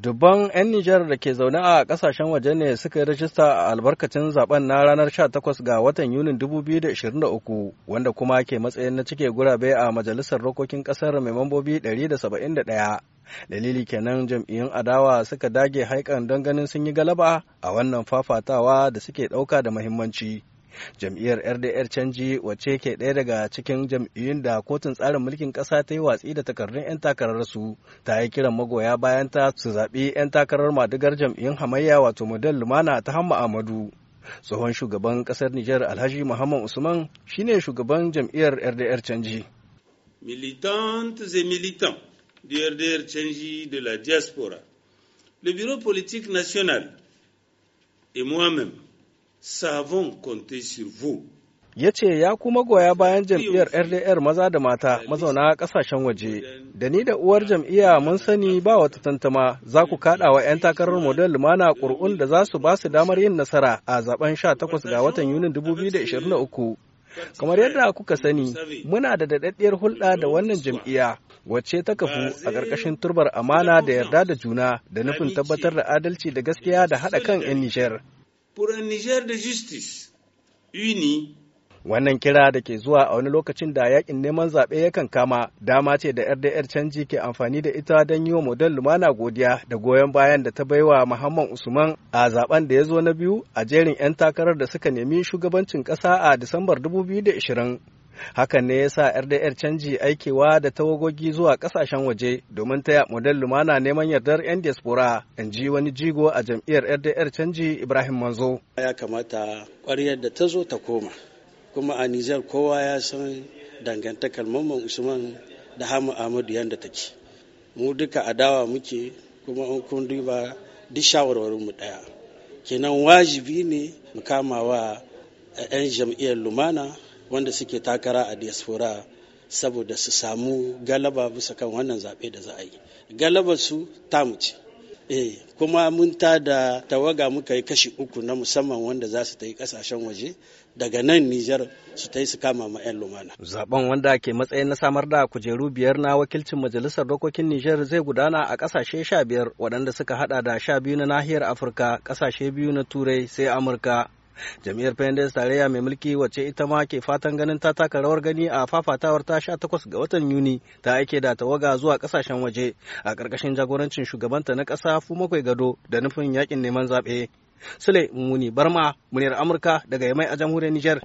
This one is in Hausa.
Dubban 'yan Nijar da ke zaune a kasashen waje ne suka yi rajista a albarkacin zaben na ranar 18 ga watan Yunin 2023 wanda kuma ke matsayin na cike gurabe a Majalisar Rokokin ƙasar mai mambobi 171. Dalili kenan jam'iyyun adawa suka dage haikan don ganin sun yi galaba a wannan fafatawa da suke ɗauka da muhimmanci. jam'iyyar rdr canji wacce ke ɗaya daga cikin jam'iyyun da kotun tsarin mulkin ƙasa ta yi watsi da takardun 'yan takararsu ta yi kiran magoya bayan ta su zaɓi 'yan takarar madigar jam'iyyun hamayya wato model lumana ta hamma amadu tsohon shugaban ƙasar nijar alhaji muhammad usman shine shugaban jam'iyyar rdr canji militantes et militants du rdr canji de la diaspora le bureau politique national et moi-même savon sur vous. ya ce ya kuma goya bayan jam'iyyar rdr maza da mata mazauna kasashen waje da ni da uwar jam'iyya mun sani ba wata tantama za ku kada 'yan takarar model lumana ƙur'un da za su ba su damar yin nasara a zaben 18 ga watan yunin 2023 kamar yadda kuka sani muna da daɗaɗɗiyar hulɗa da wannan jam'iyya wacce ta kafu a ƙarƙashin turbar amana da yarda da juna da nufin tabbatar da adalci da gaskiya da haɗa kan 'yan nijar pour un Niger de justice uni. Wannan kira da ke zuwa a wani lokacin da yakin neman zaɓe yakan kama dama ce da RDR canji ke amfani da ita don yi wa model lumana godiya da goyon bayan da ta baiwa Muhammad Usman a zaben da ya zo na biyu a jerin 'yan takarar da suka nemi shugabancin ƙasa a Disambar 2020. hakan ne ya sa rdr canji aikewa da tawagogi zuwa kasashen waje domin taya model lumana neman yardar 'yan diaspora in ji wani jigo a jam'iyyar rdr canji ibrahim manzo ya kamata ƙwaryar da ta zo ta koma kuma a nijar kowa ya san dangantakar mamman usman da hamu ahmadu yadda take mu duka adawa muke kuma in kun duba duk shawarwarin mu daya kenan wajibi ne mu kama wa 'yan jam'iyyar lumana wanda suke takara a diaspora saboda su samu galaba bisa kan wannan zaɓe da za a yi galaba su tamu ce eh kuma mun ta da tawaga muka yi kashi uku na musamman wanda za su ta yi kasashen waje daga nan Nijar su ta yi su kama ma 'yan lumana. Zaben wanda ke matsayin na samar da kujeru biyar na wakilcin majalisar dokokin Nijar zai gudana a kasashe sha biyar waɗanda suka hada da sha biyu na nahiyar Afirka, kasashe biyu na Turai sai Amurka. jam'iyyar pendens tarayya mai mulki wacce ita ma ke fatan ganin ta taka rawar gani a fafatawar ta sha takwas ga watan yuni ta aike da tawaga zuwa kasashen waje a ƙarƙashin jagorancin shugabanta na ƙasa makwai gado da nufin yakin neman zaɓe sule muni barma muryar amurka daga yamai a jamhuriyar niger